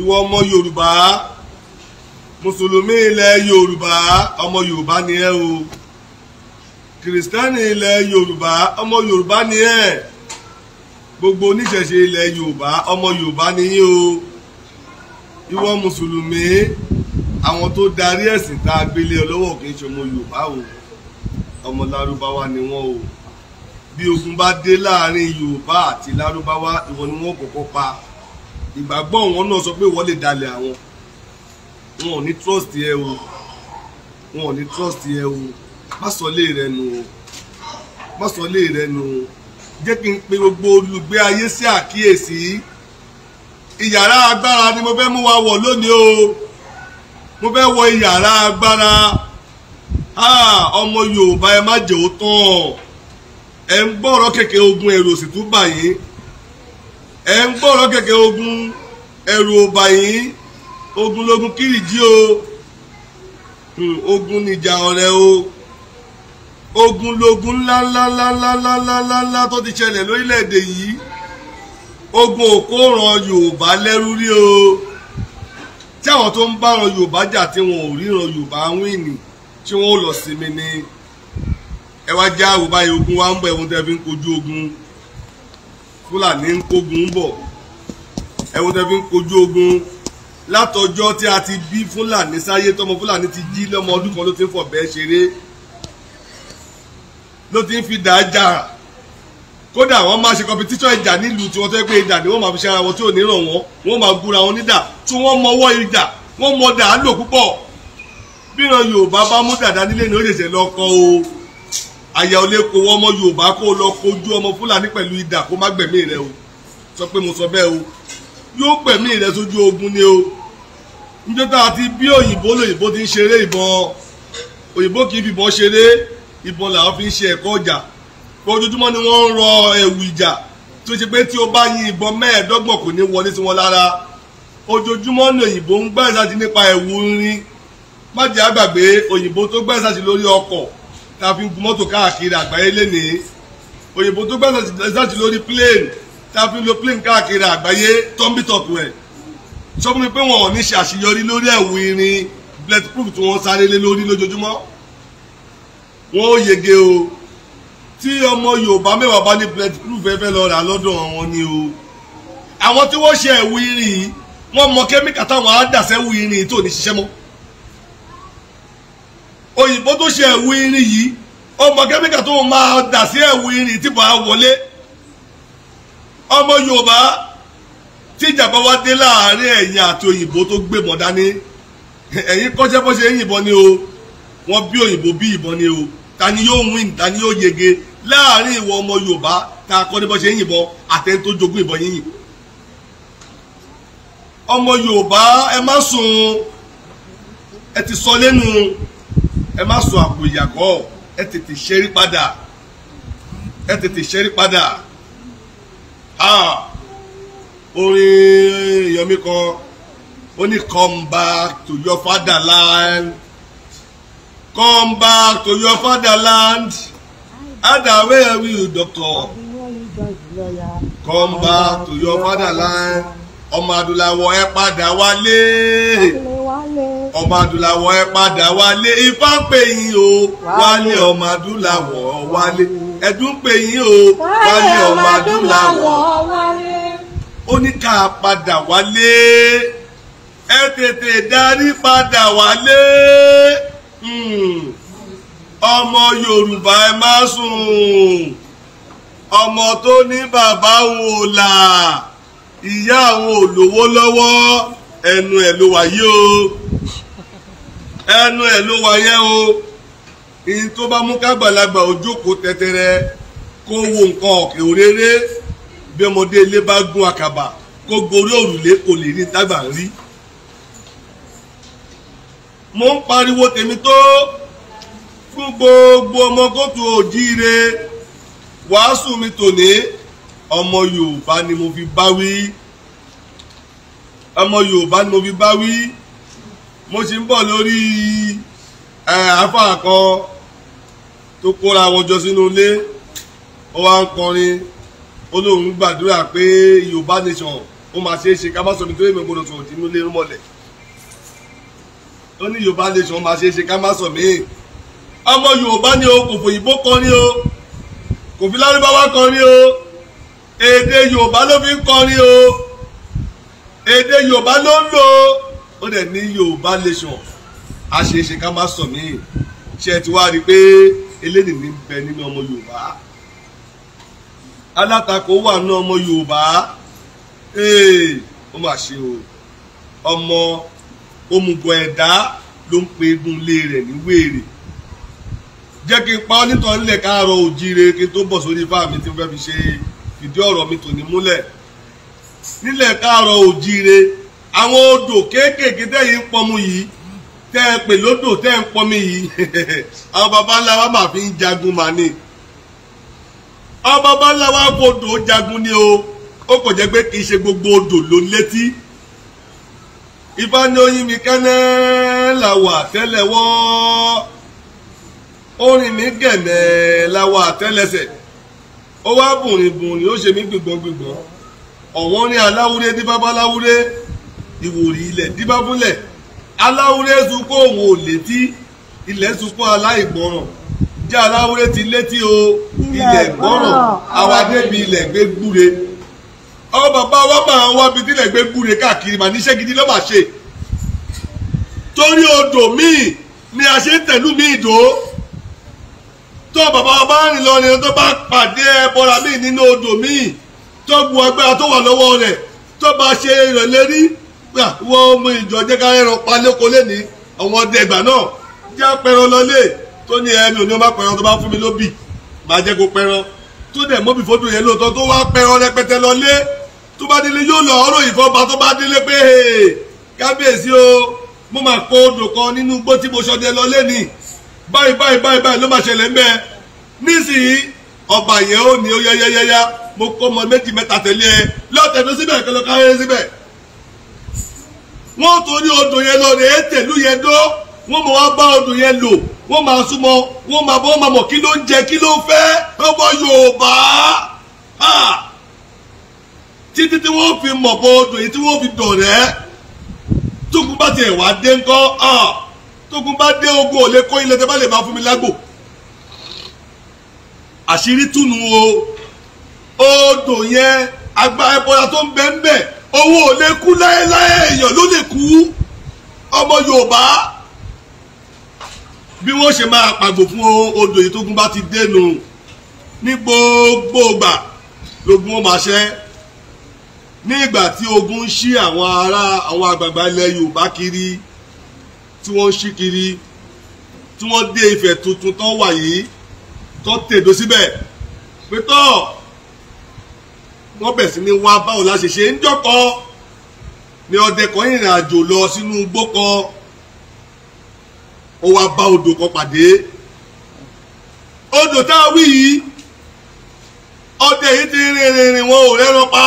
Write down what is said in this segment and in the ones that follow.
ìwọ ọmọ yorùbá mùsùlùmí ilẹ̀ yorùbá ọmọ yorùbá ni ẹ o kìrìsìtánì ilẹ̀ yorùbá ọmọ yorùbá ni ẹ gbogbo oníṣẹ̀ṣe ilẹ̀ yorùbá ọmọ yorùbá ni yín o ìwọ mùsùlùmí àwọn tó darí ẹ̀sìn tá a gbélé ọ lọ́wọ́ kì í ṣe ọmọ yorùbá o ọmọ lárúbáwá ni wọ́n o bí ogun bá dé láàrin yorùbá àti lárúbáwá ìwọ ni wọ́n kọ́kọ́ pa ìgbàgbọ́ wọn náà sọ pé wọ́n lè dalẹ̀ àwọn wọn ò ní trust ẹ o wọn ò ní trust ẹ o má sọ lé rẹ nù o má sọ lé rẹ nù o jẹ́ kí n pe gbogbo olùgbé ayé sí àkíyèsí ìyàrá agbára ni mo fẹ́ mú wa wọ̀ lónìí o mo fẹ́ wọ ìyàrá agbára ọmọ Yorùbá ẹ má jẹ́ òótọ́ ẹ ń gbọ́ ọ̀rọ̀ kékeré ogun ẹ̀rù òsì tún bàyín ẹ ń gbọ́rọ̀ kẹ̀kẹ́ ogun ẹ̀rù ọ̀bà yìí ogun lógun kìrìjì o hmm, ogun nìjà ọ̀rẹ́ o ogun lógun ńláńláńláńláńláńlá tó ti ṣẹlẹ̀ lórílẹ̀‐èdè yìí ogun òkó ran Yorùbá lẹ́rú rí o tí àwọn tó ń bá ran Yorùbá jà tí wọn ò ríran Yorùbá wíìnì tí wọn ò lọ sinmi ni ẹ wá já àwòbáyé ogun wa ń bọ̀ ẹ̀wọ̀n tẹ́ fi ń kojú ogun fúlàní ń kógun bọ̀ ẹ̀wọ̀n tẹ́ fi ń kojú ogun látọjọ́ tí a ti bí fúlàní sáyé tọmọ fúlàní ti jí lọ́mọ ọdún kan ló ti ń fọ̀bẹ́ ṣeré ló ti ń fi dà á jà kódà wọ́n máa ṣe kọmpitíṣọ̀n ìjà nílùú tí wọ́n tẹ́ pé ìdà ni wọ́n máa fi ṣe ara wọn tí ò ní ràn wọ́n wọ́n máa gúnra wọn nídà tí wọ́n mọwọ́ ìdà wọ́n mọ dà lò púpọ̀ bíran Yorùbá bá mú dàda nílé ni ó lè ṣe lọ́kọ́ o àyà ò lè kó ọmọ yorùbá kó lọ kojú ọmọ fúlàní pẹ̀lú idà kó má gbẹ̀mí rẹ o sọ pé mo sọ bẹ́ẹ̀ o yóò gbẹ̀mí rẹ sójú ogun ni o níjọ́ tá a ti bí òyìnbó lòyìnbó ti ń ṣeré ìbọn òyìnbó kì í fìbọn ṣeré ìbọn làwọn fi ń ṣe ẹ̀kọ́ ọjà ojoojúmọ́ ni wọ́n ń rọ ẹ̀wù ìjà tó ṣe pé tí o bá yin ìbọn mẹ́ẹ̀ẹ́dọ́gbọ̀n kò ní wọlé sí wọn lára ojoojúmọ́ ni òyìnbó ń gbà nípa ẹ̀wù irin má àgbàgbé òyìnbó tó gbà lórí ọkọ̀ tá a fi ń gun mọ́tò káàkiri àgbáyé lénìí òyìnbó tó gbàgbà láti lórí plane tá a fi ń lo plane káàkiri àgbáyé tọ́ḿbìtọ̀pù ẹ̀ sọ fún mi pé wọn ò ní ṣe àṣeyọrí lórí ẹ̀wù irin bulletproof tí wọ́n sáré lé lórí lójoojúmọ́ wọn ò yege o tí ọmọ Yorùbá mẹ́wàá bá ní bulletproof ẹ fẹ́ lọ rà lọ́dọ̀ wọn ni o àwọn tí wọ́n ṣe ẹ̀wù irin yìí wọ́n mọ kẹ́míkà táwọn á dà sẹ́wù irin yìí tó ní ṣiṣẹ́ mọ́ òyìnbó tó ṣe ẹ̀wù irin yìí ọmọ kẹ́míkà tó máa dà sí ẹ̀wù irin tí bàá wọlé ọmọ yorùbá tíjàmbá wá dé láàárín ẹ̀yìn àti òyìnbó tó gbé mọ̀ dání ẹ̀yìn kọ́ṣẹ́ bó yìnbọn ni o wọ́n bí òyìnbó bí ìbọn ni o ta ni yóò win ta ni yóò yege láàárín ìwọ ọmọ yorùbá ta kọ́ ni bó ṣe ń yìnbọn àtẹni tó jogún ìbọn yín ọmọ yorùbá ẹ má sùn ẹ ti sọ lẹ́nu ẹ má sọ àpò ìyàgọ́ ẹ tètè ṣẹ́rí padà ẹ tètè ṣẹ́rí padà ha orin yomi kan ó ní come back to your fatherland come back to your fatherland ada where will you doctor come back to your fatherland ọmọ adúláwọ̀ ẹ padà wálé ọmọ adúláwọ̀ ẹ padà wálé ifá pè yín o wálé ọmọ adúláwọ̀ wálé ẹ̀dùn pè yín o wálé ọmọ adúláwọ̀ wálé ó ní ká padà wálé ẹ tètè darí padà wálé hmm. ọmọ Yorùbá ẹ má sùn ọmọ tó ní bàbá wò là ìyá àwọn olówó lọ́wọ́ ẹnu ẹ̀ ló wáyé o ẹnu ẹ̀ ló wáyé o ìyìn tó bá mú kágbàlagbà ojókòó tẹtẹrẹ kó wo nǹkan ọ̀kẹ́ òréré bí ọmọdé ilé bá gún àkàbà kó gorí òrùlé kò lè rí tágbà ń rí. mo ń pariwo tèmi tó fún gbogbo ọmọ kóòtù òjíire wàásù mi tòní ọmọ yorùbá ni mo fi bá wí ọmọ yorùbá ni mo fi bá wí mo sì ń bọ̀ lórí àáfà kan tó kóra wọn jọ sínú ilé ó wá ń kọrin ó lóun gbàdúrà pé yorùbá nation ó máa ṣe é ṣe ká má sọ nítorí èmi gbọdọ̀ sọ̀rọ̀ tìǹbù lé mọ́lẹ̀ ó ní yorùbá nation máa ṣe é ṣe ká má sọ míì ọmọ yorùbá ni o kò fòyìnbó kọrin o kò fi lárúbáwá kọrin o èdè yorùbá ló fi ń kọrin o èdè yorùbá ló ń lò ó dẹ̀ ní yorùbá nation àṣeéṣe ká má sọ míì ṣe ti wá rí i pé eléyìí ní bẹ nínú ọmọ yorùbá alátakò wà ní ọmọ yorùbá ó mà ṣe o ọmọ òmùgọ̀ ẹ̀dá ló ń pe egun ilé rẹ̀ ní wéèrè jẹ́ kí n pa ọ́ nítorí lẹ̀ káàárọ̀ òjíire kí n tó bọ̀ sórí fáàmì tí mo fẹ́ fi ṣe é fìdí ọ̀rọ̀ mi tòní múlẹ̀ nílẹ̀ káàárọ̀ òjíire àwọn odò kéékèèké tẹ́yìn ń pọnmu yìí tẹ́ ẹ pè lódò tẹ́ ẹ ń pọnmi yìí àwọn baba ńlá wa máa fi ń jagun mà ní àwọn baba ńlá wa fodò jagun ni o ó kò jẹ́ pé kì í ṣe gbogbo odò ló létí ifá mi kẹ́nẹ́ la wà tẹ́lẹ̀ wọ́ orin mi gẹ̀mẹ́ la wà tẹ́lẹsẹ̀ ó wá bùnrin bùnrin ó ṣe mí gbìgbọ́n gbìgbọ́n ọ̀wọ́n ní aláwúré díbábá láwúré ìwòrì ilẹ̀ díbábúlẹ̀ aláwúré sunkún òun ò létí ilẹ̀ sunkún aláìgbọràn jẹ́ aláwúré ti létí o ilẹ̀ gbọ́ràn àwa débi ilẹ̀ gbé gbúre àwọn bàbá wa máa ń wábi tílẹ̀ gbé gbúre káàkiri mà níṣẹ́ gidi ló mà ṣe torí odò míì ni a ṣe ń tẹ̀lú mi ìdó tó bàbá bá rìn lọ ni tó bá pàdé ẹbọra míì nínú odò míì tó bu agbára tó wà lọ́wọ́ rẹ̀ tó bá ṣe ìrọ̀lẹ́ rí wọ ọmọ ìjọ jẹ́ká ẹran palẹ́kọ lẹ́ni àwọn ọdẹ ìgbà náà já pẹran lọlé tó ní ẹ̀mí òní ọba pẹran tó bá fún mi lóbì máa jẹ́ kó pẹran tó dẹ̀ mọ́bì fọ́dún yẹn lóòótọ́ tó wá pẹran rẹpẹtẹ lọlé tó bá délé yóò lọ ọ̀rọ̀ ìfọba tó bá délé pé kábíyèsí o mo máa kó odò kan nínú igbó tí mo ṣọdẹ lọlé ni báyìí báyìí báyìí báyìí ló máa ṣẹlẹ̀ ń bẹ́ẹ̀ nísìnyí ọba yẹn ó ní ó yáyáyáyá mo kọ́ ọmọ méjì mẹ́ta tẹ̀lé ẹ lọ́tẹ̀ tó síbẹ̀ kẹlẹ́ káyé síbẹ̀ wọ́n torí odò yẹn lọ rèé tẹ̀lú yẹn dó wọ́n mọ̀ wá bá odò yẹn lò wọ́n máa súnmọ́ wọ́n máa bọ́ máa mọ̀ kí ló ń jẹ kí ló ń fẹ́ ọmọ Yorùbá títí tí wọ́n fi mọ̀ bọ odò yìí tí wọ́n fi dọ̀rẹ́ tókùn bá tiẹ̀ wá dé ńkọ́ tógun bá dé ogun ò lè kó ilẹ̀ tẹ́ bá lè máa fún mi lágbo àṣírí túnú o odò yẹn agba ẹbọra tó ń bẹ ń bẹ owó ò lè kú láéláé èèyàn ló lè kú ọmọ Yorùbá bí wọ́n ṣe máa pàgbò fún odò yìí tógun bá ti dénú ní gbogbo ìgbà lógun ó máa ṣẹ́ ní ìgbà tí ogun ń ṣí àwọn ará àwọn àgbààgbà ilẹ̀ Yorùbá kiri tí wọ́n ń ṣí kiri tí wọ́n dé Ifẹ̀ tuntun tán wà yìí tán tèdó síbẹ̀ pé tọ́ wọ́n bẹ̀ sí ní wá báwo la ṣe ṣe ń jọ́kọ́ ni ọdẹ kan ìrìn àjò lọ sínú igbó kan ó wá bá odò kan pàdé odò tá a wí yìí ọdẹ yìí ti rìnrìn rìn wọn ò rẹ́ran pa.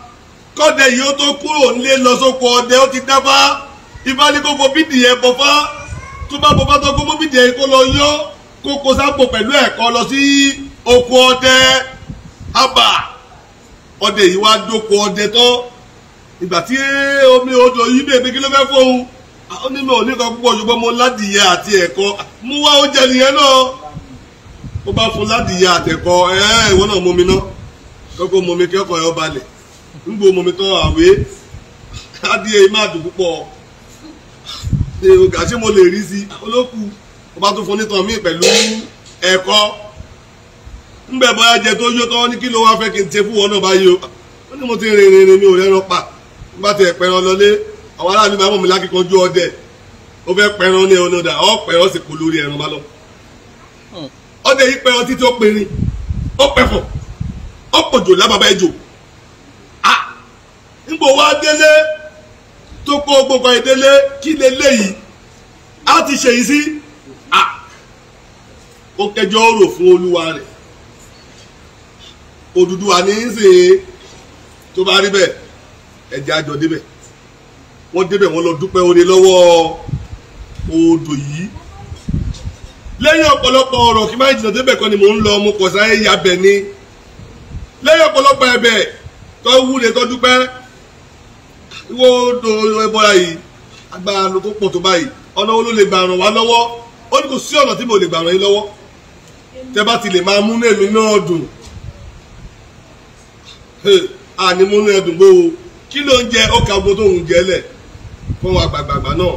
kọ́dẹ yìí ó tó kúrò nílé lọ sóko ọdẹ ó ti dáfá ifá ní kókó bídìí ẹ bọ́fá tó bá bọ́fá tó kókó bídìí ẹ kó lọ yọ kókó sápò pẹ̀lú ẹ̀kọ́ lọ sí oko ọdẹ abà ọdẹ yìí wá dóko ọdẹ tán ìgbà tí eh, omi odò yìí bèbè kí ló fẹ́ fóun ó ní mi ò ní kan púpọ̀ ṣùgbọ́n mo ládìyẹ àti ẹ̀kọ́ mú wá oúnjẹ nìyẹn náà ó bá fún ládìyẹ àtẹ̀kọ́ ẹ̀ẹ́ ìwọ náà mú mi ná kókó mú mi kẹ́kọ̀ọ́ ẹ̀ ọ́ balẹ̀ ń gbò mọ̀mí tán àwé adìẹ máa dùn púpọ̀ èrò gàṣẹ́ mo lè rí sí olókù ọba tó fún nítan mí pẹ̀lú ẹ̀kọ́ ń bẹ̀ bọ́yá jẹ tó yó tán ní kí ló wá fẹ́ kí n ṣe fún wọn náà báyìí o ó ní mo ti rìn rìn rìn mi ò rẹ́ran pa nígbà tí ẹ̀pẹ̀ràn e lọlé àwọn aráàlú bá mọ̀ mí lákìkanjú ọdẹ ó fẹ́ pẹ̀ràn ní ọ̀nà e ọ̀dà ọ̀ pẹ̀ràn sì kò lórí ẹ̀ràn e bá lọ ọdẹ hmm. yìí pẹ̀ràn títí ó pẹ̀rin ó pẹ̀fọ̀ ó pọ̀jò lábàbá ẹ̀jò ńgbò wá délé tó kó gbogbo ìdélé kí lè léyìí á ti ṣèyí sí à ó kẹjọ rò fún olúwa rẹ̀ Odùduwà ní í ṣe tó bá rí bẹ́ẹ̀ ẹ̀jẹ̀ àjọ débẹ̀ wọ́n débẹ̀ wọ́n lọ dúpẹ́ oore lọ́wọ́ odò yìí lẹ́yìn ọ̀pọ̀lọpọ̀ ọ̀rọ̀ kí máa ń jìnnà débẹ̀ kọ́ ni mò ń lọ mo kọ̀ sáyé ni lẹ́yìn ọ̀pọ̀lọpọ̀ ẹ̀bẹ̀ tó wúre tó dúpẹ́ ìwọ odò ẹbọra yìí agbára ló tó pọ̀ tó báyìí ọ̀nà wo ló lè gbà ràn wá lọ́wọ́ ó ní kò sí ọ̀nà tí mo lè gbà ràn yín lọ́wọ́ tẹ bá ti lè máa múnú èmi náà dùn àní múnú ẹ dùn gbówó kí ló ń jẹ ọkà gbogbo tó ń jẹ lẹ fún wa gbàgbàgbà náà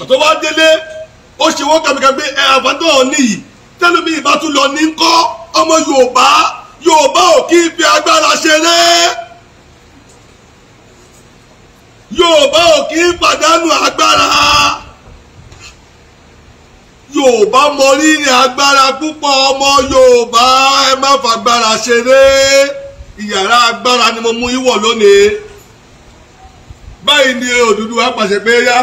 àtọ́ wá délé ó ṣe wọ́n kàmíkàmí ẹ àbádọ́ ọ̀ní yìí tẹ́lómi ìbátú lọ ní kọ́ ọmọ Yorùbá Yorùbá ò kí fi agbára ṣeré. Yorùbá ò kì í pàdánù agbára Yorùbá mọ rírì agbára púpọ̀ ọmọ Yorùbá ẹ má fagbára ṣeré ìyàrá agbára ni mo mú ìwọ̀ lónìí báyìí ni Odùduwà pàṣẹ pé yá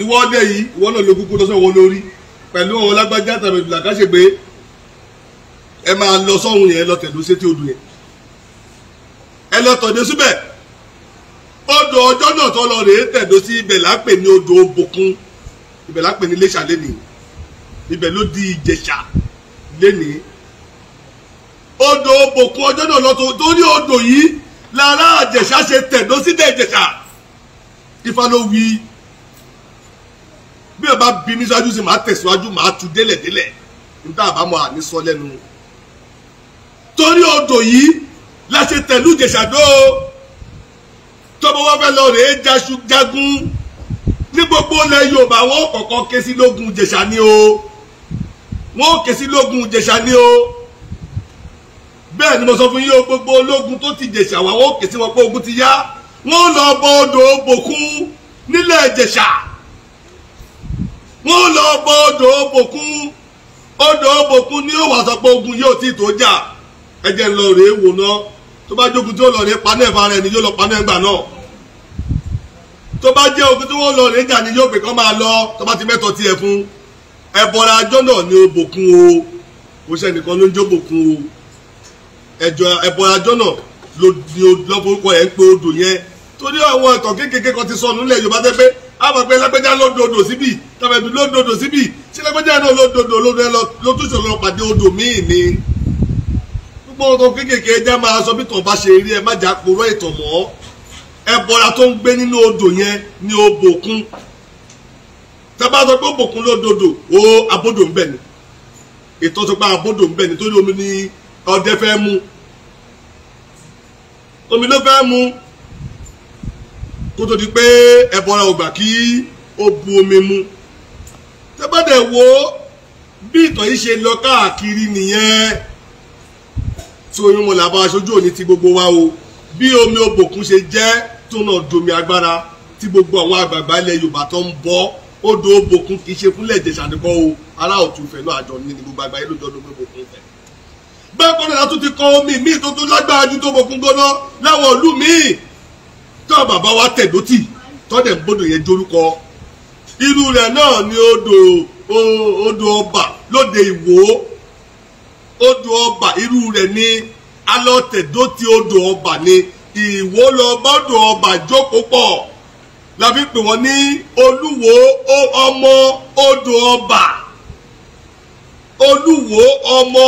ìwọ́de yìí ìwọ náà ló kúkú lọ́sọ̀ wọn lórí pẹ̀lú àwọn lágbájá tàbí ìbìlà ká ṣe pé ẹ máa lọ sọ́hun yẹn lọ tẹ̀lé sétí odò yẹn ẹ lọ tọ̀dé síbẹ̀ odò ọjọ́ náà tó lọ rèé tẹ̀dó sí ibẹ̀ lápè ní odò òbòkun ibẹ̀ lápè ní iléṣà lẹ́nìí ibẹ̀ ló di ìjẹ̀ṣà lẹ́nìí odò òbòkun ọjọ́ náà lọ́tọ̀ torí odò yìí lára àjẹ̀ṣà ṣe tẹ̀dó sídẹ̀ ìjẹ̀ṣà ifá ló wí bí o bá bí mi ṣáájú sí màá tẹ̀síwájú màá tu délẹ̀délẹ̀ níta àbámọ̀ àní sọ lẹ́nu torí odò yìí la ṣe tẹ̀lú ìjẹ̀ṣà dóò tọ́mọ wọn fẹ́ lọ rèé jagun ní gbogbo ilẹ̀ Yorùbá wọn kọ̀ọ̀kan ké sí lógun jẹ̀ṣà ni o wọn ké sí lógun jẹ̀ṣà ni o bẹ́ẹ̀ ni mo sọ fún yín o gbogbo ológun tó ti jẹ̀ṣà wá wọn ké sí wọn pé ogun ti yá wọn lọ bọ odò bòkun nílẹ̀ jẹ̀ṣà wọn lọ bọ odò bòkun odò bòkun ni ó wà sọ pé ogun yóò ti tó jà ẹ jẹ́ n lọ rèé wò náà tó bá jókòó tí ó lọ rè paná ẹ̀fà rẹ̀ ni yóò lọ paná ẹ̀gbà náà tó bá jẹ́ ogun tí wọ́n lọ rè jà ni yóò pè kán máa lọ tó bá ti mẹ́tọ̀ tiẹ̀ fún ẹ̀bọ̀ra ajọ́ náà ni obòkun o kò sẹ́nìkan ló ń jó bòkun o ẹ̀jọ̀ ẹ̀bọ̀ra ajọ́ náà lọ́forúkọ ẹ̀ ń pe odò yẹn torí àwọn ẹ̀tọ́ kékeré kan ti sọnù nílẹ̀ Yorùbá tẹ́ pé àwọn àgbẹ̀ lágbẹ́já ló dodo síbì tàbí ló dodo síbì sí lágbẹ́já náà ló dodo ló túnṣe lọ pàdé odò míì ni gbogbo nǹkan kéékèèké ẹja máa sọ bí tàn bá ṣe rí ẹ má jà kúrò ìtàn mọ́ ẹbọra tó ń gbé nínú odò yẹn ni òbòkun tábà sọ pé òbòkun ló dodo o abodò ń bẹ ni ìtọ́ tó pa abodò ń bẹ ni torí omi ni ọdẹ fẹ́ mu omi ló fẹ́ mu kó tó di pé ẹbọra ò gbà kí ó bu omi mu tábà dẹ̀ wo bí ìtàn yìí ṣe lọ káàkiri nìyẹn tí oyún mo làbá aṣojú òní ti gbogbo wa o bí omi òbòkun ṣe jẹ́ tó náà domi agbára tí gbogbo àwọn àgbààgbà ilẹ̀ Yorùbá tó ń bọ́ odò òbòkun kì í ṣe fúnlẹ̀ èdè o ará òtún fẹ̀ náà àjọ ní gbogbo àgbáyé lójó lómi òbòkun fẹ̀. bẹ́ẹ̀ kọ́ni la tún ti kọ omi míì tó tún lágbára ju tó bòkun gbóná láwọn ìlú míì tó bàbá wa tẹ̀dó tì tọ́dẹ̀ ń bọ́dọ̀ yẹn dorúkọ irú rẹ̀ náà ni odò odò ọba lóde Ìwó odò ọba irú rẹ̀ ní alọ́tẹ̀dó ti odò ọba ni ìwó lọ bọ́dò ọba jókòó pọ̀ làbí pè wọ́n ní olúwo ọmọ odò ọba olúwo ọmọ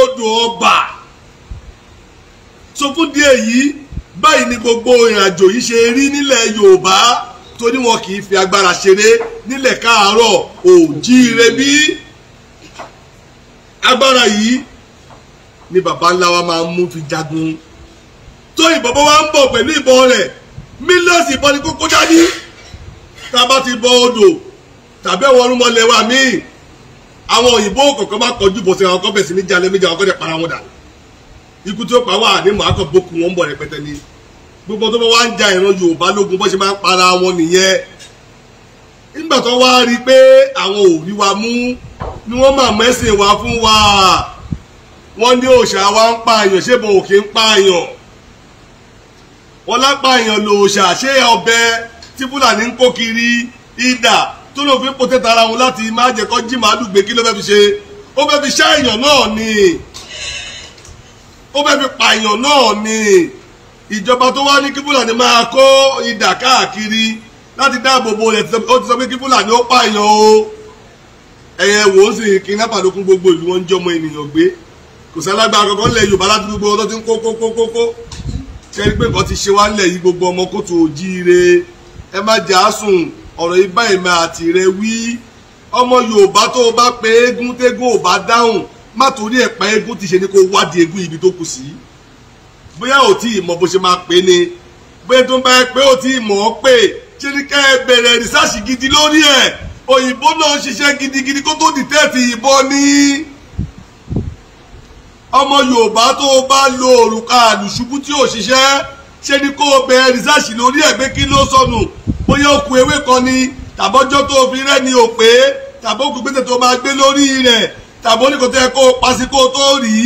odò ọba so fún díẹ̀ yìí báyìí ni gbogbo ìrìnàjò yìí ṣe rí nílẹ̀ yorùbá torí wọn kì í fi agbára ṣeré nílẹ̀ káàárọ̀ òjíire bí agbára yìí ni baba ńlá wa máa ń mú fi jagun tó ìbọn bó wa ń bọ̀ pẹ̀lú ìbọn rẹ̀ mílíọ̀sì ìbọn ni kókó dání tá a bá ti bọ odò tàbí ẹ̀wọ̀n ọdún mọ́lẹ̀ wa míì àwọn òyìnbó kọ̀ọ̀kan máa kọjú bọ̀ sí àwọn kan bẹ̀sí ní jalè méjì àwọn kan dẹ̀ para wọn dànù ikú tó pa wá ní màákàn bókun wọn bọ̀ rẹpẹtẹ ni gbogbo tó bá wá ń ja ìran Yorùbá lógun bó ṣe máa ń para wọn nìyẹn nígbà tó wá rí i pé àwọn ò rí wa mú ni wọ́n máa mẹ́sìn wa fún wa wọ́n ní òòṣà wa ń pààyàn ṣé bò òkè ń pààyàn wọ́n lápààyàn lòòṣà ṣé ọbẹ̀ tí fúlàní ń kó kiri ìdà tó lóun fi pòtẹ́tà ara wọn láti má jẹ́ kó jí màálù gbé kí ló fẹ́ fi ṣe ó fẹ́ fi ṣáàyàn náà ni ó fẹ́ fi pààyàn náà ni ìjọba tó wá ní kí fúlàní máa kó ìdà káàkiri láti dáàbò bo rẹ̀ ó ti sọ pé kí fúlàní ó pààyàn o ẹ̀yẹ̀ wò ó sì kí nápàdókún gbogbo ìlú wọn ń jọmọ ènìyàn gbé kò sálágbára kankan lẹ yorùbá láti gbogbo ọdọ tí ń kó kó kó kó kó kẹrí pé nǹkan ti ṣe wá lẹ yìí gbogbo ọmọ kótó òjíire ẹ má jà á sùn ọ̀rọ̀ yìí bá èmi àti rẹ wí ọmọ yorùbá tó o bá pe eégún tégún ò bá dáhùn má torí ẹ̀ pa eégún ti ṣe ni kó wádìí eégún ibi tó kù sí bóyá ò tí ì mọ bó ṣe máa pè é ni bóyá tó ń bá ẹ pé ò tí ì mọ̀ ọ́ pé ṣe ni ká ẹ bẹ̀rẹ̀ rìsáàsì gidi lórí ẹ̀ òyìnbó náà ṣiṣẹ́ gidigidi kó tó dìtẹ́ẹ̀tì ìbọn ní ọmọ yorùbá tó o bá lo òrùka àlùṣubú tí ò ṣiṣẹ́ ṣe ni kó o bẹ̀rẹ̀ rìsáàsì lórí ẹ̀gbẹ́ kí ló sọnù bóyá o kù ewé kan ni tàbọ́jọ́ tó fi rẹ́ ni ò pé tàbó kù gbèsè tó o máa gbé lórí rẹ̀ tàbó ní kò tẹ́ kó o pasi kó o tó rí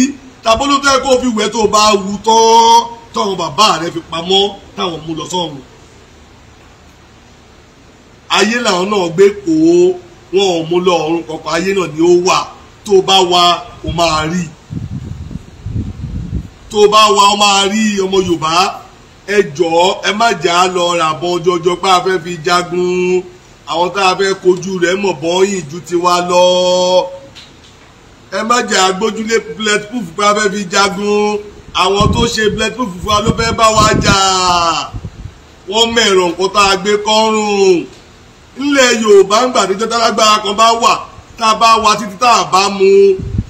tàbó ló tẹ́ kó o fi wẹ̀ tó o bá wù tán táwọn bàbá rẹ̀ fi pamọ́ táwọn mú lọ sọ́run ayé làwọn náà gbé kó wọn ò mú lọ ọ̀run kọ̀ọ̀kan ayé náà ni ó wà tó o bá wà o máa rí i tó bá wa ọ máa rí ọmọ yorùbá ẹ jọ̀ọ́ ẹ má jà á lọ rà bọ́n jọjọ pé a fẹ́ fi jagun àwọn tá a fẹ́ kojú rẹ̀ mọ̀ bọ́yìn ju tiwa lọ ẹ má jà á gbójúlé bulletproof pé a fẹ́ fi jagun àwọn tó ṣe bulletproof fún wa ló fẹ́ bá wa jà wọ́n mẹ̀rọ nǹkan tá a gbé kọ́rùn ńlẹ̀ yorùbá ń gbàdéjọ́ tálágbára kan bá wà tá a bá wa títí tá a bá mu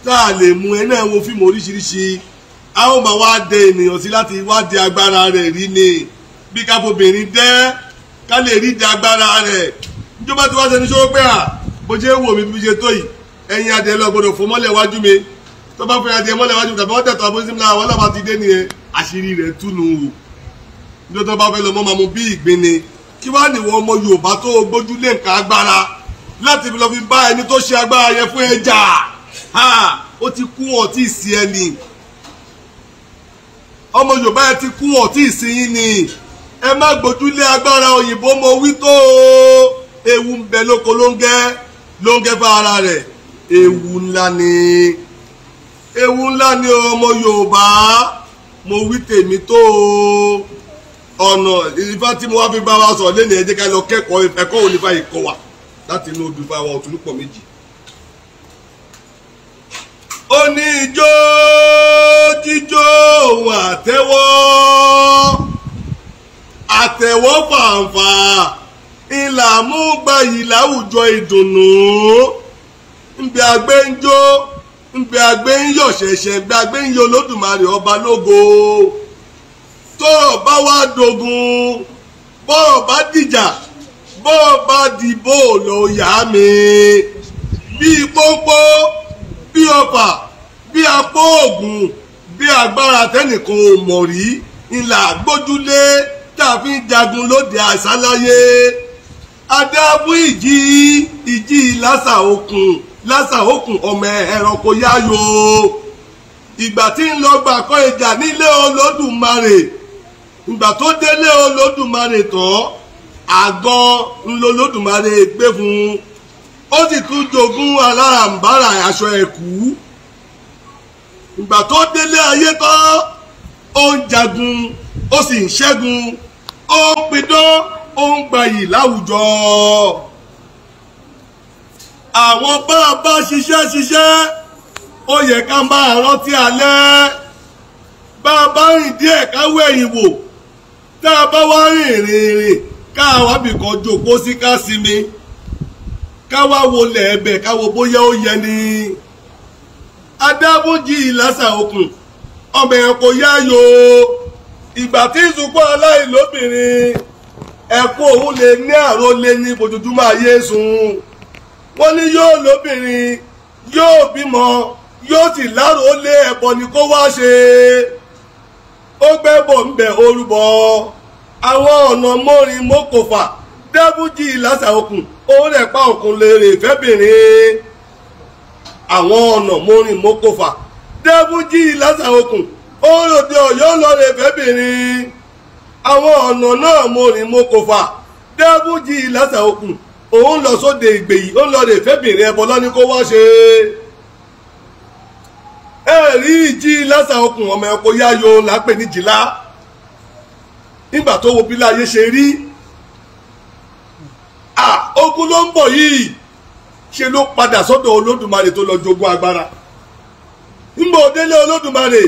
tá a lè mu ẹ náà wo fíìmù oríṣiríṣi a ó wa wá dẹ ènìyàn sí láti wádìí agbára rẹ̀ rí ni bí kábòbìnrin dẹ́ ká lè rí di agbára rẹ̀ níjọba tí wọ́n ṣe ní sọ́wọ́ à bó ṣe wò mí bí ṣe tó yìí ẹ̀yin adìẹ lọ gbọdọ̀ fò mọ́lẹ̀ wájú mi tó bá fẹ́ adìẹ mọ́lẹ̀ wájú mi tàbí wọ́n tẹ̀tọ̀ abóyún sí mi lára wọn lọ́ba ti dé nìyẹn àṣírí rẹ̀ túnú wò ní ọjọ́ bá fẹ́ lọ mọ́ máa mú bí ìgbín ni kí wá nìwọ ọmọ Yorùbá tó gbójú lé nǹkan agbára láti fi lọ fi bá ẹni tó ṣe agbára yẹn fún ẹja ó ti kú ọtí sí ẹni ọmọ yorùbá ẹ ti kún ọtí ìsinyìí ni ẹ má gbójúlé agbára òyìnbó mo wí tó o ewu ń bẹ lóko lóńgẹ́ lóńgẹ́ bá ara rẹ̀ ewu ńlá ni ewu ńlá ni ọmọ yorùbá mo wí tèmi tó o ọ̀nà ìfá tí mo wá fi bá wa sọ̀rọ̀ lẹ́nu ẹ jẹ́ ká lọ kẹ́kọ̀ọ́ ẹ̀kọ́ òní báyìí kọ́ wa láti inú odù bá wa ọ̀tún pọ̀ méjì ó ní ijó jíjó òun àtẹ́wọ́ àtẹ́wọ́ fàǹfà ìlà mú gbayì láwùjọ ìdùnnú nbẹ agbẹ ń jó nbẹ agbẹ ń yọ̀ ṣẹ̀ṣẹ̀ nbẹ agbẹ ń yọ̀ olódùmarè ọba lógo tọ́rọ̀ bá wá dogun bọ́rọ̀ bá dìjà bọ́rọ̀ bá dìbò lọ́ọ́ yá mi bíi pọ́npọ́n bí ọfà bí apó ògùn bí agbára tẹnìkan ò mọ̀ rí ńlá gbójúlé tá a fi ń jagun lóde àṣáláyé adá fún ìjì ìjì lásà okùn lásà okùn ọmọ ẹranko yáyò ìgbà tí ń lọ gbà ìjà nílé olódùmarè ìgbà tó délé olódùmarè tán àgọ́ ńlọ olódùmarè gbé fún un ó sì tún jogún alárànbarà aṣọ ẹ̀kú ìgbà tó délé ayé tán ó ń jagun ó sì ń ṣẹ́gun ó ń pidán ó ń gbayì láwùjọ àwọn bá a bá ṣiṣẹ́ ṣiṣẹ́ ó yẹ ká máa rántí alẹ́ bá a bá rìn díẹ̀ ká wẹ̀yìn wò tá a bá wá rìn rìn rìn ká àwa bìkan jòkó sí ká sinmi káwá wo lẹ́ẹ̀bẹ̀ káwo bóyá ó yẹ ni adábòjì lásà okùn ọmọ ẹ̀kọ́ yáyò ìgbà tí ìsúnkọ́ aláìlóbìnrin ẹ̀kọ́ òun lè ní àrólé ní bójoojúmọ́ ayé sùn wọ́n ní yóò lóbìnrin yóò bímọ yóò sì láròólé ẹ̀bọ ni kó wá ṣe ó gbẹ́bọ̀ ń bẹ̀ orúbọ àwọn ọ̀nà mọ́rin mọ́kòfà. Mo dábùjì lásà okùn ó rẹ̀ pa okùn lèrè fẹ́bìnrin àwọn ọ̀nà mo rìn mo kò fà dábùjì lásà okùn ó ròde ọ̀yọ́ lọ rẹ̀ fẹ́bìnrin àwọn ọ̀nà náà mo rìn mo kò fà dábùjì lásà okùn òun lọ sóde ìgbèyí ó lọ rẹ̀ fẹ́bìnrin ẹbọ lọ́ni kó wá ṣe ẹ rí ìjì lásà okùn ọmọ ẹ̀kọ́ yáyọ làápẹ̀ níjìlá nígbà tó wo bí láyé ṣe rí à ogun ló ń bọ̀ yìí ṣe ló padà sọ́dọ̀ olódùmarè tó lọ jogún agbára ńbọ̀ délé olódùmarè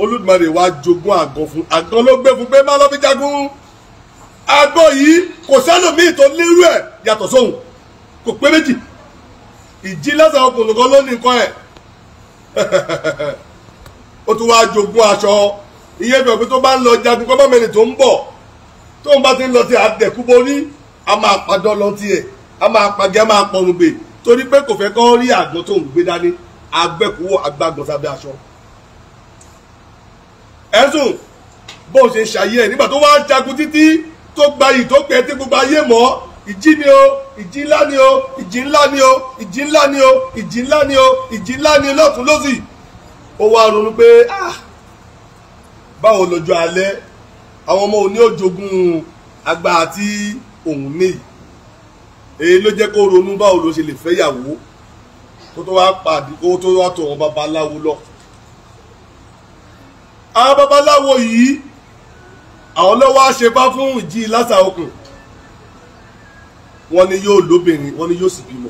olódùmarè wàá jogún àgọ́ fún àgọ́ ló gbé fún pé má lọ́ fi jagun àgọ́ yìí kò sẹ́lòmíì tó lérú ẹ̀ yàtọ̀ sóhun kò pé méjì ìjì lásán ọkùnrin kan ló ní nǹkan ẹ̀ ó tún wáá jogún aṣọ ìyẹn bí ọ̀pẹ tó bá ń lọ jagun kọ́ bá mẹ́rin tó ń bọ̀ tóun bá ti ń lọ sí àdẹ̀kú borí a máa padọ́ lọ tiẹ̀ a máa pàgẹ́ a máa pọ̀rùn gbè torí pé kò fẹ́ kọ́ rí àgbọn tó ń gbé dání agbẹ́kúwò agbágbọ̀n sábẹ́ aṣọ. ẹ̀sùn bó ṣe ń ṣayé ẹ̀ nígbà tó wá ń jagun títí tó gba yìí tó pẹ́ tí gbogbo ayé mọ́ ìjì ni o ìjì ńlá ni o ìjì ńlá ni o ìjì ńlá ni o ìjì ńlá ni o ìjì ńlá ni lọ́tún lọ́sì ó wá ronú pé ah, báwo lọ́jọ́ alẹ́ àwọn ọmọ òní òjogún àgbà àti òun níyì èyí ló jẹ́ kó ronú báwo ló ṣe lè fẹ́ yàwó kó tó wá pàdé kó tó wá tó àwọn babaláwo lọ. àwọn babaláwo yìí àwọn lọ́wọ́ àṣepá fún ìjì lásà okùn wọ́n ní yóò lóbìnrin wọ́n ní yóò sì bímọ.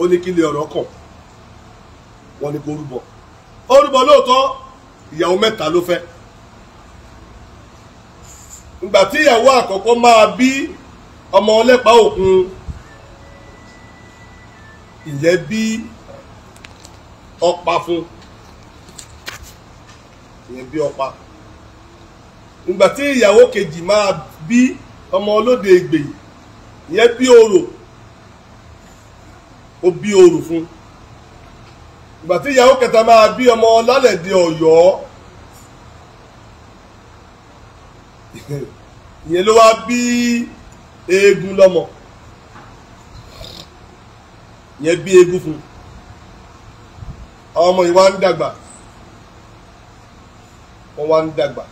ó ní kí lè ọ̀rọ̀ kàn wọ́n ní kó rúbọ. ó rúbọ lóòótọ́ ìyàwó mẹ́ta ló fẹ́. ìgbà tí ìyàwó àkọ́kọ́ máa bí ọmọ ọlẹ́pàá òkun ìyẹn bí ọ̀pá fún ìyẹn bí ọ̀pá ìgbà tí ìyàwó kejì máa bí ọmọ olóde ìgbè ìyẹn bí orò ó bí orò fún ìgbà tí ìyàwó kẹta máa bí ọmọ ìyẹn ló wá bí eégún lọ́mọ ìyẹn bí eégún fún ọmọ yìí wá ń dàgbà wọ́n wá ń dàgbà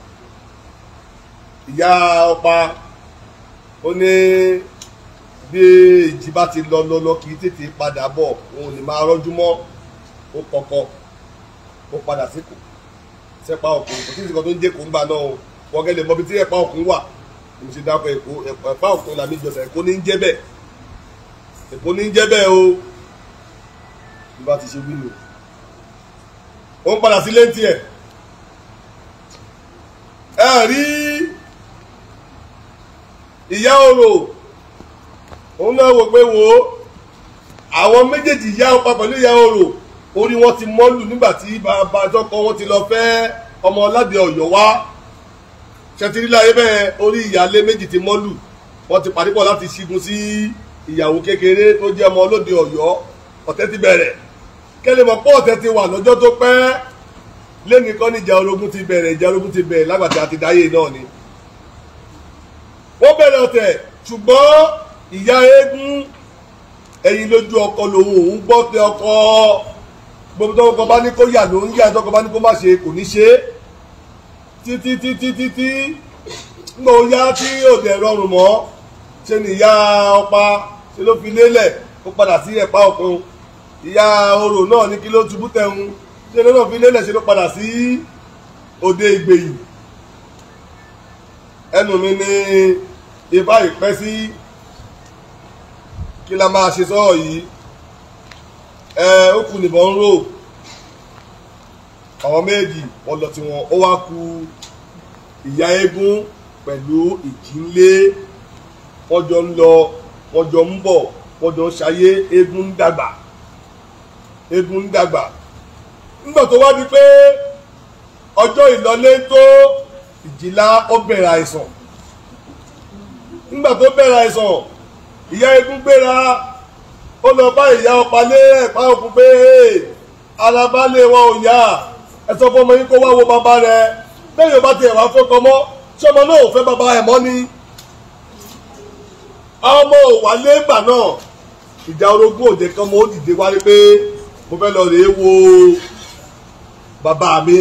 ìyá ọ̀pá ó ní bí èjì bá ti lọ lọ lọ kì í tètè padà bọ̀ òun ò lè máa rọ́jú mọ́ ó kọ̀kọ̀ ó padà sí kò sẹ́pà ọ̀pọ̀ kò sí tó ń jẹ́ kó ń gbà náà o kọ̀ọ̀kẹ́ lè mọ ibi tí ẹ̀pá òkun wà mo ṣe dákọ̀ èkó ẹ̀pá òkun là mí jọsẹ̀ èkó ní ń jẹ́ bẹ́ẹ̀ èkó ní ń jẹ́ bẹ́ẹ̀ o bí bá ti ṣe wí nù ó ń padà sílé tiẹ̀ ẹ rí ìyá orò òun náà wò pé wò ó àwọn méjèèjì yá ọpa pẹ̀lú ìyá orò orí wọn ti mọ́lù nígbà tí bàbá àjọkọ wọn ti lọ fẹ́ ọmọ ọládẹ ọ̀yọ́ wá ṣètìlílà ayé bẹ́ẹ̀ orí ìyáálé méjì ti mọ́lù wọ́n ti parí pọ̀ láti ṣígun sí ìyàwó kékeré tó jẹ́ ọmọ olóde ọ̀yọ́ ọ̀tẹ̀ ti bẹ̀rẹ̀ kẹ́lẹ́ mọ̀ pé ọ̀tẹ̀ ti wà lọ́jọ́ tó pẹ́ lẹ́nìkan ní ìjà ológun ti bẹ̀rẹ̀ ìjà ológun ti bẹ̀rẹ̀ lágbàtà àti dáyé náà ni wọ́n bẹ̀rẹ̀ ọ̀tẹ̀ ṣùgbọ́n ìyá eégún ẹ̀yìn lójú ọkọ lòun òun gbọ́ tẹ ọkọ gbogbo tọkọ bá ní kó yà ló ń yà tọkọ bá ní kó má ṣe kò ní ṣe é títí títí títí mo yá tí òde rọrùn mọ́ ṣe ni ìyá ọ̀pá ṣe ló fi lélẹ̀ ó padà sí ẹ̀pá òkun ìyá orò náà ní kí ló tubú tẹ̀hún ṣe ló náà fi lélẹ̀ ṣe ló padà sí òde ìgbèyì ẹnu mi ní ibà ìpẹ́ sí kí la máa ṣe sọ́ọ̀ yìí ẹ ó kù nìbọn ń rò àwọn méjì wọ́n lọ tiwọn ó wá ku ìyá eégún pẹ̀lú ìjínlé wọ́n jọ ń lọ wọ́n jọ ń bọ̀ wọ́n jọ ń ṣayé eégún ń dàgbà eégún ń dàgbà nígbà tó wá di pé ọjọ́ ìlọlé tó ìjìlá ó bẹ̀rẹ̀ àìsàn nígbà tó bẹ̀rẹ̀ àìsàn ìyá eégún gbéra ó lọ bá ìyá ọpa lé ẹ̀pá òkú pé alábàálẹ̀ wọn ò yá ẹ sọ fún ọmọ yín kó wá wo bàbá rẹ̀ bẹ́ẹ̀ yóò bá tiẹ̀ wá fọkàn mọ́ ṣé ọmọ náà ò fẹ́ bàbá ẹ̀ mọ́ ni ọmọ òwálé ìgbà náà ìjà orogún òde kan mo dìde wálé pé mo fẹ́ lọ rèé wo bàbá mi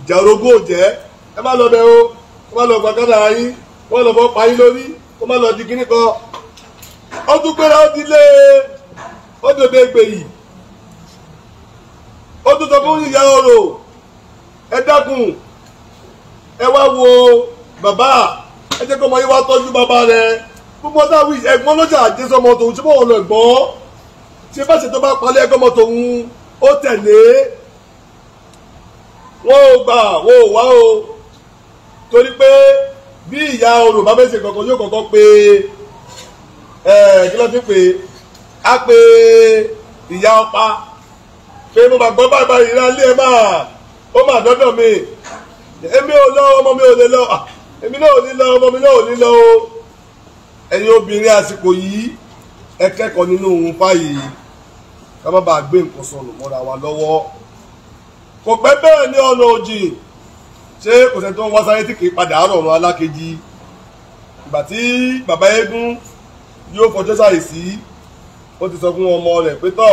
ìjà orogún òjẹ́ ẹ má lọ bẹ o ẹ má lọ gbàgádà yín ẹ má lọ fọ́ pa yín lórí ẹ má lọ di kíní kan ó tún gbéra ó dilé ó dòde ó tún sọ fún ìyá orò ẹ dákun ẹ wá wo bàbá ẹ jẹ́ kí ọmọ yìí wá tọ́jú bàbá rẹ̀ gbogbo ọ̀tá wí ẹ̀gbọ́n lọ́jà àjẹsọ ọmọ tòun ṣé bọ́ọ̀ lọ ẹ̀gbọ́n ṣé bá ṣe tó bá palẹ̀ ẹ̀gbọ́n ọmọ tòun ó tẹ̀lé wọn ò gbà wọn ò wá o torí pé bí ìyá orò bá fẹ́ kankan yóò kankan pé ẹ̀ kí ló ti pè á pè ìyá ọpa pé mo bàgbọ́ bàbá ìrírá lé ẹ máa ó mà dọ́dọ̀ mi èmi ò lọ ọmọ mi ò lè lọ èmi náà ò ní lọ ọmọ mi náà ò ní lọ o ẹ̀yin obìnrin àsìkò yìí ẹ kẹ́kọ̀ọ́ nínú òun báyìí ká má bàa gbé nǹkan sọnù mọ́ra wa lọ́wọ́ kò pẹ́ bẹ́ẹ̀ ní ọ̀nà òjì ṣé kò sẹ́ni tó ń wá sáré tí kì í padà àárọ̀ ọ̀run alákejì ìgbà tí bàbá eégún yóò fọjọ́ sàrè sí ó ti sọ fún ọmọ rẹ̀ pé tọ́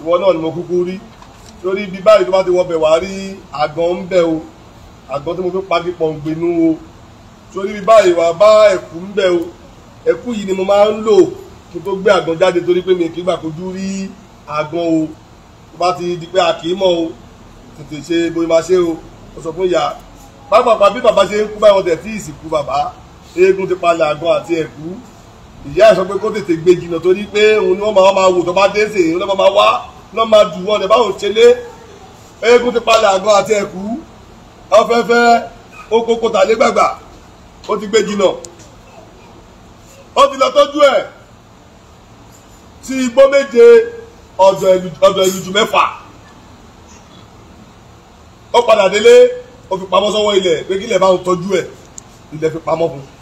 ìwọ náà ni mo kúkú rí lórí ibi báyìí tó bá ti wọbẹ̀ wá rí àgàn ń bẹ̀ o àgàn tí mo fi pagi pọ̀ǹgbìnú o sórí ibi báyìí wà bá ẹ̀kú ń bẹ̀ o ẹ̀kú yìí ni mo máa ń lò kí n tó gbé àgàn jáde torí pé mi kì í gbà kojú rí àgàn o tó bá ti di pé a kì í mọ̀ o tètè ṣe bóyá máa ṣe o ó sọ fún ìyá pápá bí bàbá ṣe ń kú báyìí wọn tẹ̀ tí ìsìnkú bàbá eégún ti palẹ̀ àgàn àti ẹ̀kú ìyá ẹ̀ sọ pé kó tètè gbé jìnnà torí pé òun ni wọ́n máa máa wò tó bá dé sèé lọ́mọ máa wá lọ́mọ máa dùn wọn báwo ṣe lé eégún ti palẹ̀ àgọ́ àti ẹ̀kú afẹ́fẹ́ oko kòtà lẹ́gbàgbà ó ti gbé jìnnà ó ti lọ tọ́jú ẹ̀ tí igbó méje ọ̀dọ̀ ìlú jù mẹ́fà ó padà délé ó fi pamọ́ sọ́wọ́ ilẹ̀ pé kí ilẹ̀ bá ń tọ́jú ẹ̀ ilẹ̀ fi pamọ́ fún un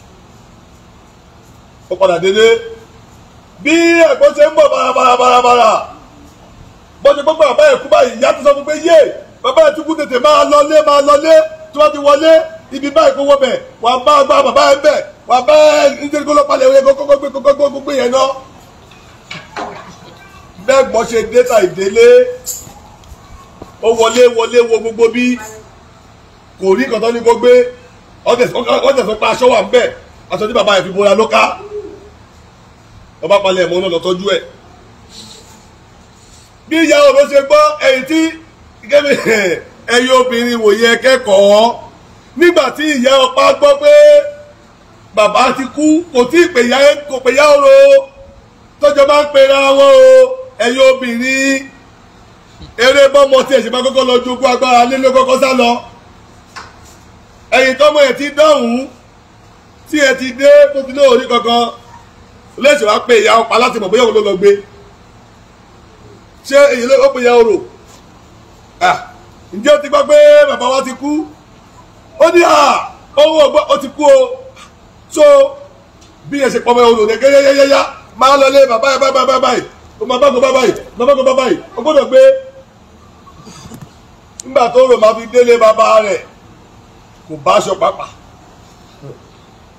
ó padà délé bí ẹ̀kọ́ ṣe ń bọ̀ bàràbàràbàrà bọ́jú gbogbo àbá ẹ̀kú báyìí ìyá tó sọ fún pé yé bàbá ẹ̀túkú tètè máa lọlé máa lọlé tí wọ́n ti wọlé ibi báyìí kó wọ bẹ̀ wà bá gbá bàbá ẹ̀ bẹ̀ wà bá ẹ̀ nítorí kó lọ́pàá lẹ́wọ́ yẹn kó gbogbo yẹn lọ. bẹ́ẹ̀ gbọ́ ṣe déta ìdélé ó wọlé wọlé wo gbogbo bí kò rí kọ́tọ́ ní gbogbo ọ̀tẹ̀sọ́pá aṣọ wà ń bẹ̀ aṣọ tí bàbá ẹ̀ fi bora ló ká ọba palẹ̀ ẹ̀mọ́ náà lọ tọ́jú ẹ̀ bí ìyàwó mi ṣe gbọ́ ẹ̀yìn tí ẹ̀yin obìnrin wòye kẹ́kọ̀ọ́ nígbà tí ìyá ọ̀pá gbọ́ pé bàbá ti kú kò tí kò pèyà oró tọ́jọ́ bá ń pera wọn o ẹ̀yin obìnrin eré bọ́mọ tí ẹ̀sìn bá kọ́kọ́ lọ jogún agbára lé ló kọ́kọ́ sá lọ ẹ̀yìn tọ́mọ ẹ̀ ti dọ̀hún tí ẹ ti dé tó ti lóorí kankan lẹ́sìn wá pé ìyá ọ̀pá láti mọ̀ bóyá òun ló lọ gbé ṣé èyí ló pè ya orò ah, ǹjẹ́ o ti gbọ́ pé bàbá wa ti kú ó ní à owó ọgbọ́n ó ti kú o so bí ẹ ṣe pọmọ orò ní gẹ́gẹ́gẹ́gẹ́yá máa lọ lé bàbá yìí bàbá bàbá yìí o máa bá gbọ́ bàbá yìí máa bá gbọ́ bàbá yìí o gbọ́dọ̀ gbé nígbà tó rò máa fi délé bàbá rẹ̀ kò bá aṣọ pàápàá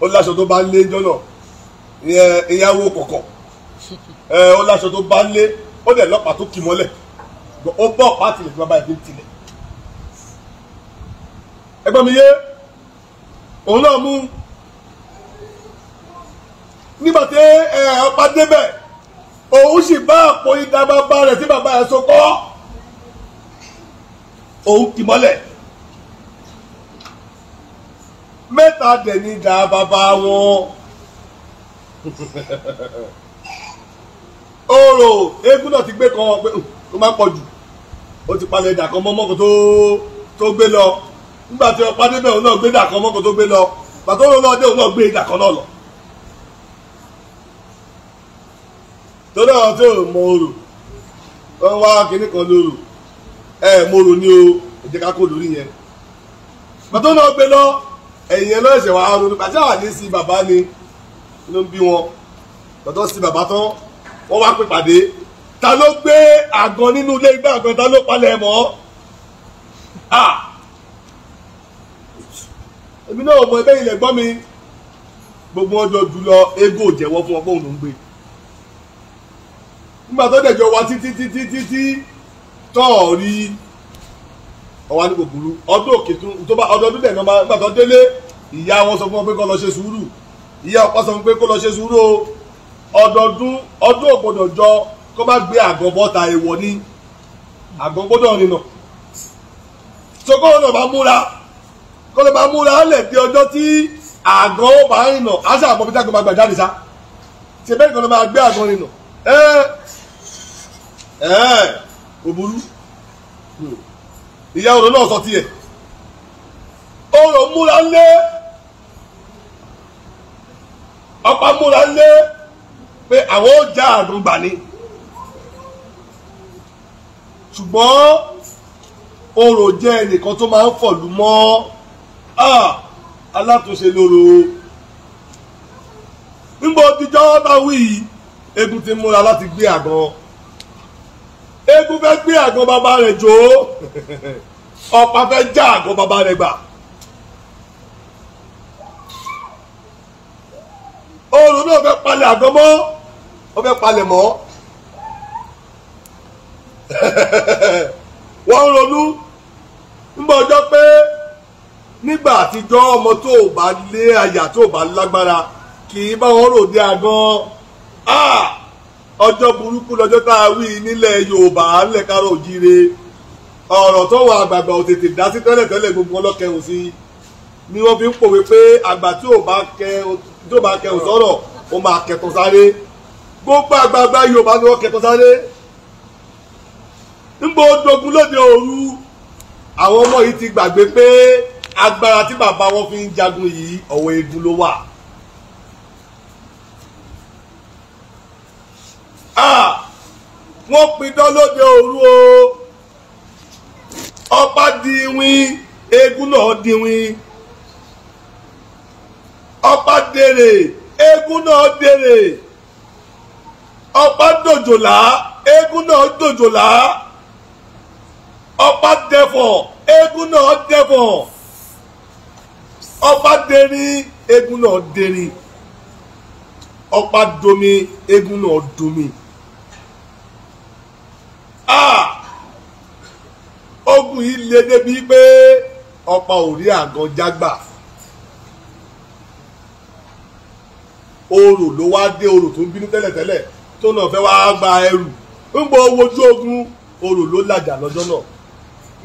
ó láṣọ tó bá lé jọ́nà ìyàwó kọ̀kọ̀ ó láṣọ tó bá lé ó dẹ̀ lọ́pàá tó kì mọ́lẹ̀ ó bọ́ ọ̀pá tilẹ̀ bàbá ìdí tilẹ̀ ẹgbẹ́ mi yé òun náà mú nígbà tí ọ̀pá débẹ̀ òun sì bá àpò ìdá bàbá rẹ̀ tí bàbá rẹ̀ so kọ́ òun kì mọ́lẹ̀ mẹ́ta dẹ̀ ní ìdá wọn. oro eégún náà ti gbé kan pé o uh, máa ń pọ jù o ti palẹ̀ ìdà kan tó tó gbé lọ nígbà tí náà gbé kan tó gbé lọ bàtọ́ òun náà kan náà lọ. torí àwọn mọ kan lóru ni o ká kó lórí yẹn lọ ẹ̀yìn ẹ̀ lọ́ọ̀ṣẹ̀ wàá ronú ni. ló ń bí wọn lọ́tọ́ sí bàbá tán wọ́n wá pè pàdé ta ló gbé àgàn nínú ilé igbá àgàn ta ló palẹ̀ mọ́ èmi náà mọ ẹgbẹ́ ilẹ̀ gbọ́ mi gbogbo ọjọ́ jùlọ ego jẹ́wọ́ fún ọgbọ́n òun gbé nígbà tó dẹ̀jọ́ wa títí títí títí tọ́ ọ rí ọwọ́ ní kòkòrò ọdún òkè tó bá ọdún ọdún dẹ̀ nígbà tó délé ìyá wọn sọ fún wọn pé kó lọ ṣe sùúrù ìyá ọ̀pá sọ pé kó lọ ṣe sùúrù o ọdọọdún ọdún ò gbọdọ̀ jọ kó má gbé àgọ́ bọ́ta èèwọ̀ ni àgọ́ gbọdọ̀ rìnà sokoro náà bá múra kó ló bá múra á lẹ̀ di ọjọ́ tí àgọ́ ó bá rìnà á sì àbọ̀ bíjà kó máa gbà jáde sá ṣe bẹ́ẹ̀ kan ló máa gbé àgọ́ rìnà ẹ ẹ kò burú ìyá òrò náà sọ tiẹ̀ òrò múra lé ọba múra lé pé àwọn ó já àrùn gbà ni ṣùgbọ́n orò jẹ́ ẹnìkan tó máa ń fọ̀lú mọ́ ah, alátúnṣe lóró nígbà òdìjọ́ bá wí eégún ti múra láti gbé àgàn eégún fẹ́ gbé àgàn bàbá rẹ̀ jó ọ̀pá fẹ́ já àgàn bàbá rẹ̀ gbà. pé o fẹ́ palẹ̀ àgọ́ mọ́ palẹ̀ mọ́ wọ́n ronú nígbà ọjọ́ pé nígbà àtijọ́ ọmọ tó o bá lé àyà tó o bá lágbára kì í bá wọn ròde àgàn ọjọ́ burúkú lọ́jọ́ tá a wí nílẹ̀ Yorùbá ńlẹ̀ kárọ̀ ọ̀rọ̀ tó wà àgbààgbà ò tètè dá sí tẹ́lẹ̀tẹ́lẹ̀ gbogbo ó máa kẹtàn sáré gbogbo àgbààgbà yorùbá ni wọ́n kẹtàn sáré nbọ dogun lóde òru àwọn ọmọ yìí ti gbàgbé pé agbára tí bàbá wọn fi ń jagun yìí ọwọ́ egun ló wà. wọ́n pidán lóde òru o ọba diwin egun náà diwin ọba dèrè eégún náà dèrè ọ̀pá dòjòlá eégún náà dòjòlá ọ̀pá dẹ̀fọ̀ eégún náà dẹ̀fọ̀ ọ̀pá dẹ̀rin eégún náà dẹ̀rin ọ̀pá domi eégún náà domi. ogun yìí le débi pé ọ̀pá ò rí àgàn jágbà. orò ló wá dé orò tó ń bínú tẹ́lẹ̀tẹ́lẹ̀ tó náà fẹ́ wá gba ẹrù ń bọ wojú ogun orò ló làjà lọ́jọ́ náà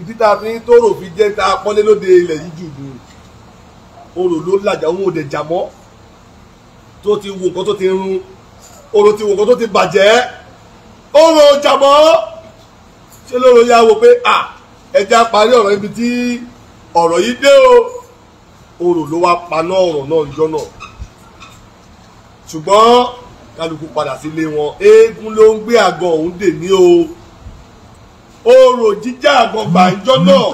ìdí tá a fi ń tóró fi jẹ́ ta pọ́nlé lóde ilẹ̀ yìí jù nù orò ló làjà òun ò dẹ̀ jà mọ́ tó ti wo nǹkan tó ti run orò ti wo nǹkan tó ti bàjẹ́ orò jà mọ́ ṣé lóru ya wo pé à ẹja parí ọ̀rọ̀ ibi tí ọ̀rọ̀ yìí dé o orò ló wá paná ọ̀rọ̀ náà jọ náà ṣùgbọ́n kálukú padà sílé wọn eégún ló ń gbé àgọ́ ọ̀hún dè ní o orò jíjà àgọ́ gbàǹjọ́ náà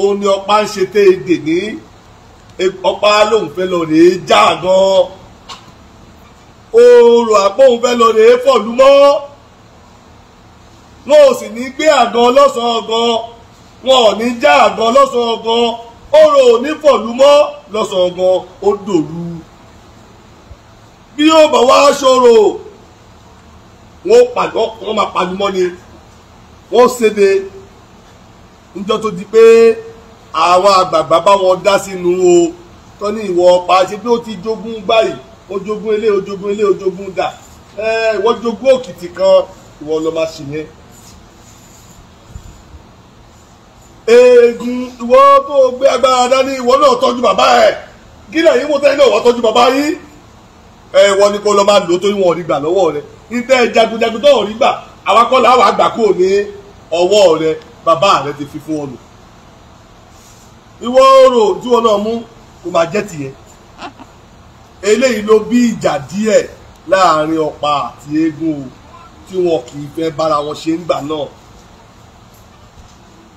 òun ni ọ̀pá ń ṣe tẹ́ èdè ní ọ̀pá lòun fẹ́ lọ rèé já àgọ́ orò àpò òun fẹ́ lọ rèé fọ̀lú mọ́ lóò sì ní gbé àgọ́ lọ́sàn-án gan wọn ò ní já àgọ́ lọ́sàn-án gan orò ò ní fọ̀lú mọ́ lọ́sàn-án gan ó dòru bí yóò bá wá ṣòro wọ́n pàdé wọ́n máa pàdé mọ́ ni wọ́n ṣéde níjọ́ tó di pé àwọn àgbààgbà bá wọn dá sínú o tó ní ìwọ ọ̀pá ṣe pé ó ti jogún báyìí ó jogún ilé ó jogún ilé ó jogún dà ẹ ìwọ jogún òkìtì kan ìwọ ló máa ṣì yẹn. eegun ìwọ tó gbé agbára dání ìwọ náà tọ́jú bàbá ẹ gílẹ̀ yìí mo tẹ́ ní ọ̀wọ́ tọ́jú bàbá yìí ẹ wọ́n ní kó lọ máa lò torí wọn ò rí gbà lọ́wọ́ rẹ níta jagunjagun tó ò rí gbà àwa kọ́ làwọn àgbà kò ní ọwọ́ rẹ bàbá rẹ ti fi fún ọ lò ìwọ oòrò tí wọn náà mú kó máa jẹ́ tìyẹn eléyìí ló bí ìjà díẹ̀ láàrin ọ̀pá àti eégún o tí wọn kì í fẹ́ bára wọn ṣe ń gbà náà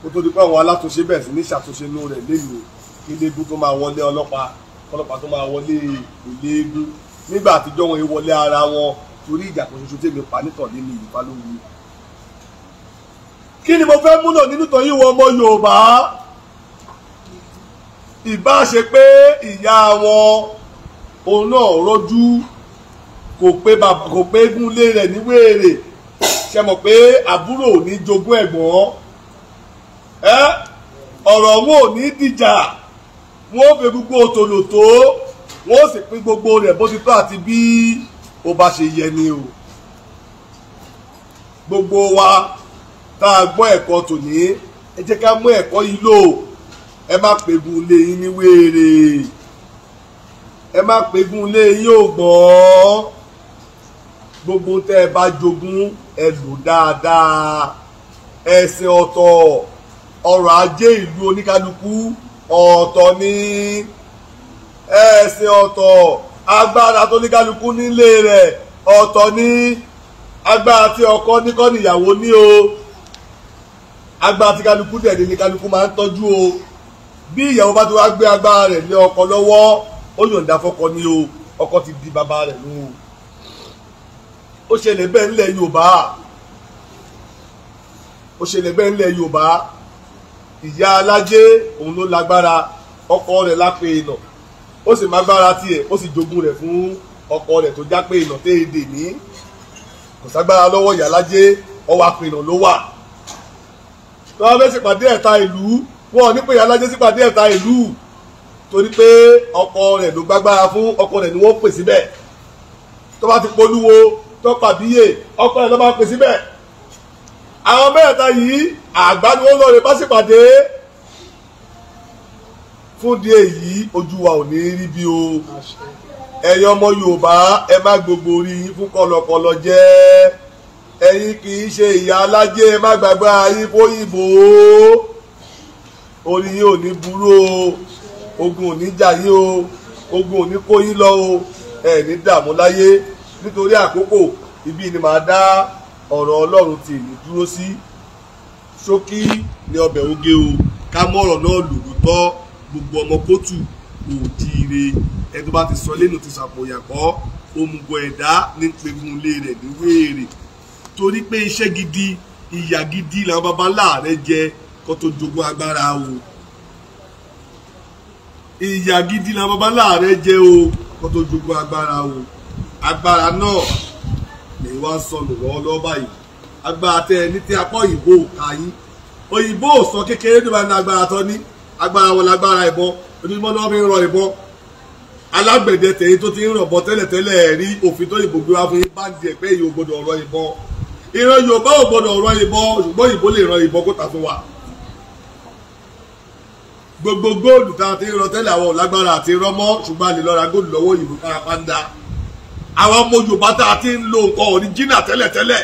kó tó di pé àwọn alátúnṣe bẹ̀rẹ̀ sí ní ṣàtúnṣe inú rẹ̀ lẹ́nu kí tó máa wọlé ọlọ́pàá ọlọ́pàá tó máa wọlé ìlú nígbà àtijọ́ wọn ìwọlé ara wọn torí ìjà kan ṣoṣo tèmi pa nítọ̀lé mi ìfà ló kí ni mo fẹ́ múlò nínú tọ́ yíwọ ọmọ Yorùbá ìbá ṣe pé ìyá wọn òun náà rọ́jú kò pé bàbá kò pé gúnlé rẹ̀ ní wéèrè ṣe mọ̀ pé àbúrò ò ní jogún ẹ̀gbọ́n ọ̀rọ̀ wọn ò ní dìjà wọn ò fẹ́ gbogbo tòlòtò wọn ó sì pín gbogbo rẹ̀ bó ti tọ́ àti bí ó bá ṣe yẹ ni o gbogbo wa tá a gbọ́ ẹ̀kọ́ tòní ẹ jẹ́ ká mú ẹ̀kọ́ yìí lò ẹ má pegun lé yín ní wéèrè ẹ má pegun lé yín ò gbọ́n gbogbo tẹ́ ẹ bá jogún ẹ lò dáadáa ẹ̀sìn ọ̀tọ̀ ọrọ̀ ajé ìlú oníkálukú ọ̀tọ̀ ni ẹ̀sìn ọ̀tọ̀ agbára tó ní kálukú nílé rẹ̀ ọ̀tọ̀ ní agbára tí ọkọ níkọ́ níyàwó ní o agbára tí kálukú dẹ̀ ní kálukú máa ń tọ́jú o bí ìyàwó bá ti wá gbé agbára rẹ̀ lé ọkọ lọ́wọ́ ó yọ̀ǹda fọkọ ní o ọkọ ti di bàbá rẹ̀ nù o ó ṣẹlẹ̀ bẹ́ẹ̀ ńlẹ̀ Yorùbá ó ṣẹlẹ̀ bẹ́ẹ̀ ńlẹ̀ Yorùbá ìyá alájẹ òun ló lágbára ọkọ rẹ̀ lápè nà ó sì máa gbára tiẹ̀ ó sì jogún rẹ̀ fún ọkọ rẹ̀ tó já pé ìnà tẹ́ èdè ní kò ságbára lọ́wọ́ ìyálájé ọwọ́ àpènà ló wà tí wọ́n fẹ́ ṣèpàdé ẹ̀ta ìlú wọn ò ní pé ìyálájé ṣèpàdé ẹ̀ta ìlú torí pé ọkọ rẹ̀ ló gbágbára fún ọkọ rẹ̀ ni wọ́n pè síbẹ̀ tó bá ti polúwo tó pàbíyè ọkọ rẹ̀ ló bá pè síbẹ̀ àwọn mẹ́ẹ̀ta yìí àgbà ni wọ́n lọ rè bá ṣèpàdé fún di èyí ojú wa ò ní rí bí o ẹ̀yin ọmọ yorùbá ẹ má gbogbo orí yín fún kọlọkọlọ jẹ́ ẹ̀yin kì í ṣe ìyá alájẹ ẹ má gbàgbá yín fóyìnbó orí yín ò ní burú o ogun ò ní jà yín o ogun ò ní kó yín lọ o ẹ ní dààmú láyé nítorí àkókò ibi ni màá dá ọ̀rọ̀ ọlọ́run tì ní dúró sí ṣókí ní ọbẹ̀ oge o ká mọ́ ọ̀rọ̀ náà lòlùtọ́ gbogbo ọmọ kóòtù òjíire ẹni tó bá ti sọ lẹ́nu ti sàpòyàkọ́ òmùgọ̀ ẹ̀dá ní pẹ̀gùn rẹ̀ ní wéèrè torí pé iṣẹ́ gidi ìyà gidi làwọn baba ńlá rẹ̀ jẹ kó tó jogún agbára o ìyà gidi làwọn baba ńlá rẹ̀ jẹ o kó tó jogún agbára o agbára náà lè wá sọnù lọ́wọ́ lọ́wọ́ báyìí agbára tẹ ẹni tí apá òyìnbó ò yín òyìnbó sọ kékeré nígbà ní agbára tán ní agbára wọn lágbára ìbọn onímọ̀ náà fi ń rọ ìbọn alágbẹ̀dẹ tẹ̀yìn tó ti ń rọ̀bọ tẹ́lẹ̀tẹ́lẹ̀ rí òfin tó ìbò gbé wá fún yín bá di ẹ̀pẹ́ yìí ò gbọdọ̀ rọ ìbọn ìran Yorùbá ò gbọdọ̀ rọ ìbọn ṣùgbọ́n ìbò lè rọ ìbọn kó ta fún wa gbogbo góòlù tá a ti ń rọ tẹ́lẹ̀ àwọn ọ̀lágbára àti rọ́mọ́ ṣùgbọ́n a lè lọ́ra góòlù lọ́wọ́ ìbò kárakándá àwọn ọmọ Yorùbá tá a ti ń lo nǹkan ọ̀ríjínà tẹ́lẹ̀tẹ́lẹ̀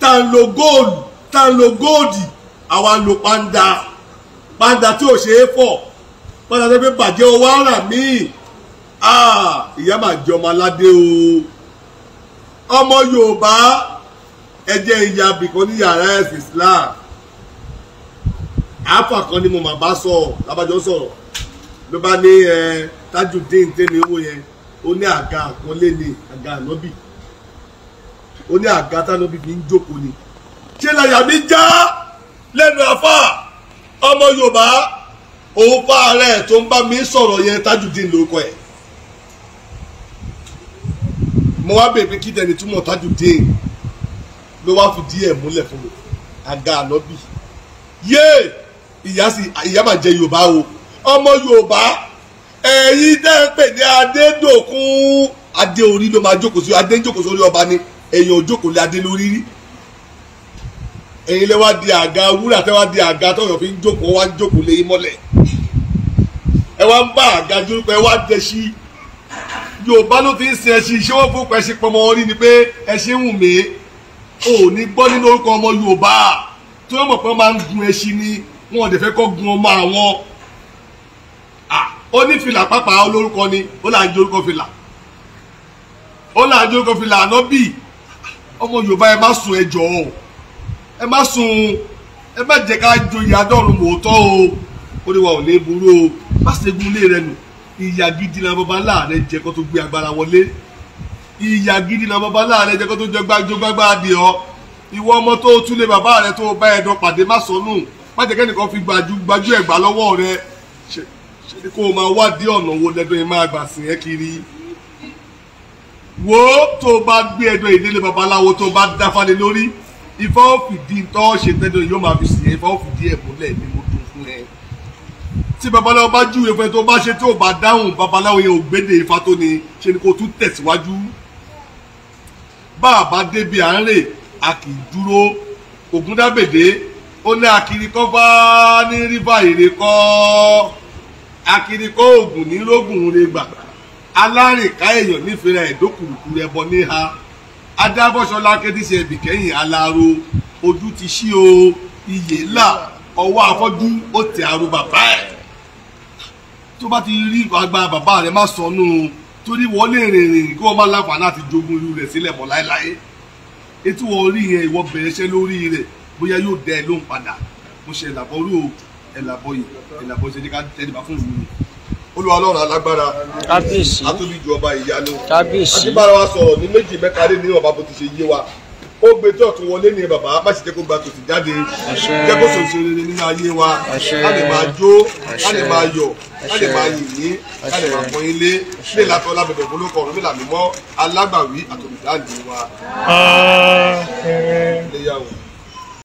tá a ń lo góòlù tá a ń lo góòdì àwa ń lo pándá pàǹdà tí ò ṣe é fọ̀ pàǹdà tó fi bàjẹ́ owó ara míì ah, ìyá máa jẹ ọmọ aládé o ọmọ Yorùbá ẹjẹ ìyá bìkan ní yàrá ẹ̀sìn Islam àáfà kan ni mo máa bá sọ lábàjọ sọ̀rọ̀ ló bá ní ẹ Tajudeen tẹni owó yẹn ó ní àga àkọlé ni àga ànábì ó ní àga tánábì fi jókòó ni ṣé làyà mi já lẹ́nu àfà ọmọ yorùbá òun fáàrẹ tó ń bá mi sọ̀rọ̀ yẹn tajudeen lórúkọ ẹ̀ mo wá bèbè kí dẹni túmọ̀ tajudeen ló wá fi díẹ̀ múlẹ̀ fún mi àga àlọ́bì yéè ìyá sì ìyá máa jẹ yorùbá o ọmọ yorùbá ẹ̀yin dẹ́ ń pè ní adédòkun adé orí ló máa jókòó sí adé ń jókòó sórí ọba ni èèyàn ò jókòó lé adé lórí rí ẹ̀yin lẹ́wà di àga wúrà tẹ́wà di àga tọ́yọ̀ fi ń jókòó wá ń jókòó lé mọ́lẹ̀ ẹ wá ń bá àga jórúkọ ẹ wá jẹ sí yorùbá ló ti ń sin ẹṣin ṣé wọ́n fún pẹ̀sí pọmọ rí ni pé ẹṣin wù mí ò ní gbọ́ nínú orúkọ ọmọ yorùbá tó yẹ mọ̀ pé wọ́n máa ń gun ẹṣin ni wọn ò dẹ̀ fẹ́ kọ́ gun ọmọ àwọn ó pápá olórúkọ ni ó là ń jórúkọ fìlà ó là ń jórúkọ fìlà ànábì ọmọ yorùbá ẹ má sùn ẹ jọ̀ọ́ ẹ má sun ẹ má jẹ́ ká joyè adọ́run mòótọ́ o oríwa ò ní burú o má ṣègùn ilé rẹ nù ìyà gidi la bàbá láàrẹ jẹ kó tó gbé agbára wọlé ìyà gidi na bàbá láàrẹ jẹ kó tó jọ gbágbá adì ọ ìwọ ọmọ tó túlé bàbá rẹ tó bá ẹdán pàdé má sọnù má jẹ́ kẹ́nìkan fi gbajú ẹ̀gbá lọ́wọ́ rẹ ṣe ṣe kó o máa wádìí ọ̀nà wo lẹ́dọ̀ yẹn máa gbà sìn ẹ́ kiri wo tó o bá gbé ẹ̀dọ̀ ìdílé babaláwo tó o bá dáfalé lórí ifá ó fìdí tọ́ ṣe tẹ́lẹ̀ yóò máa fi sìn ẹ́ ifá ó fìdí ẹ̀ múlẹ̀ ni mo dùn fún ẹ. tí babaláwo bá júwe fún ẹ tó bá ṣe tó bá dáhùn babaláwo yẹn ò gbédè ifá tó ni ṣe ni kó tún tẹ̀síwájú. bá a bá débi à ń rè a kì í dúró ògúndábèdé ó ní akirikọ́ bá ní rìbá èrè kọ́ akirikọ́ ògùn ní lógùn rẹ̀ gbà alárìnká èèyàn nífẹ̀ẹ́ ẹ̀dókùnkùn rẹ̀ bọ níha adábọ́sọlá akédèsè ẹ̀bìkẹ́yìn alaro ojú ti ṣí o iyè ńlá ọwọ́ afọ́jú ó tẹ àrùn bàbá ẹ̀ tó bá ti rí àgbà bàbá rẹ̀ má sọnù torí wọ́n lè rìnrìn kí wọ́n má láǹfààní láti jogún irú rẹ̀ sílẹ̀ mọ́ láéláé etí wọ́n rí yẹn ìwọ bẹ̀rẹ̀ iṣẹ́ lórí rẹ̀ bóyá yóò dẹ́ ẹ lóhùn padà mo ṣe ẹ̀làbọ̀ rú ẹ̀làbọ̀ yìí ẹ̀làbọ̀ ṣe ní ká tẹ́lẹ̀ bá fún ìlú mi olúwa ọlọ́run alágbára kábíyèsí atóbijù ọba ìyanu kábíyèsí adébára wa sọ̀rọ̀ ní méjì mẹ́ta lé ní ọba bó ti ṣe yé wa ó gbé tó ọ̀tún wọlé ní bàbá má sì jẹ́ kó gba tòsí jáde jẹ́ kó sòsò rere nínú ayé wa ká lè máa jó ká lè máa yọ̀ ká lè máa yìn yín ká lè máa pọ́n ilé ilé ìlàtọ̀ lábẹ̀bẹ̀ gbólókọ̀ ọ̀rọ̀ nílànà mọ́ alágbàwí àtòmídàá wa.